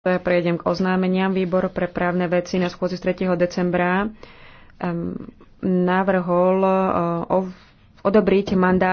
Prejdem k oznámeniam. Výbor pre právne veci na schôdzi 3. decembra navrhol odobriť mandát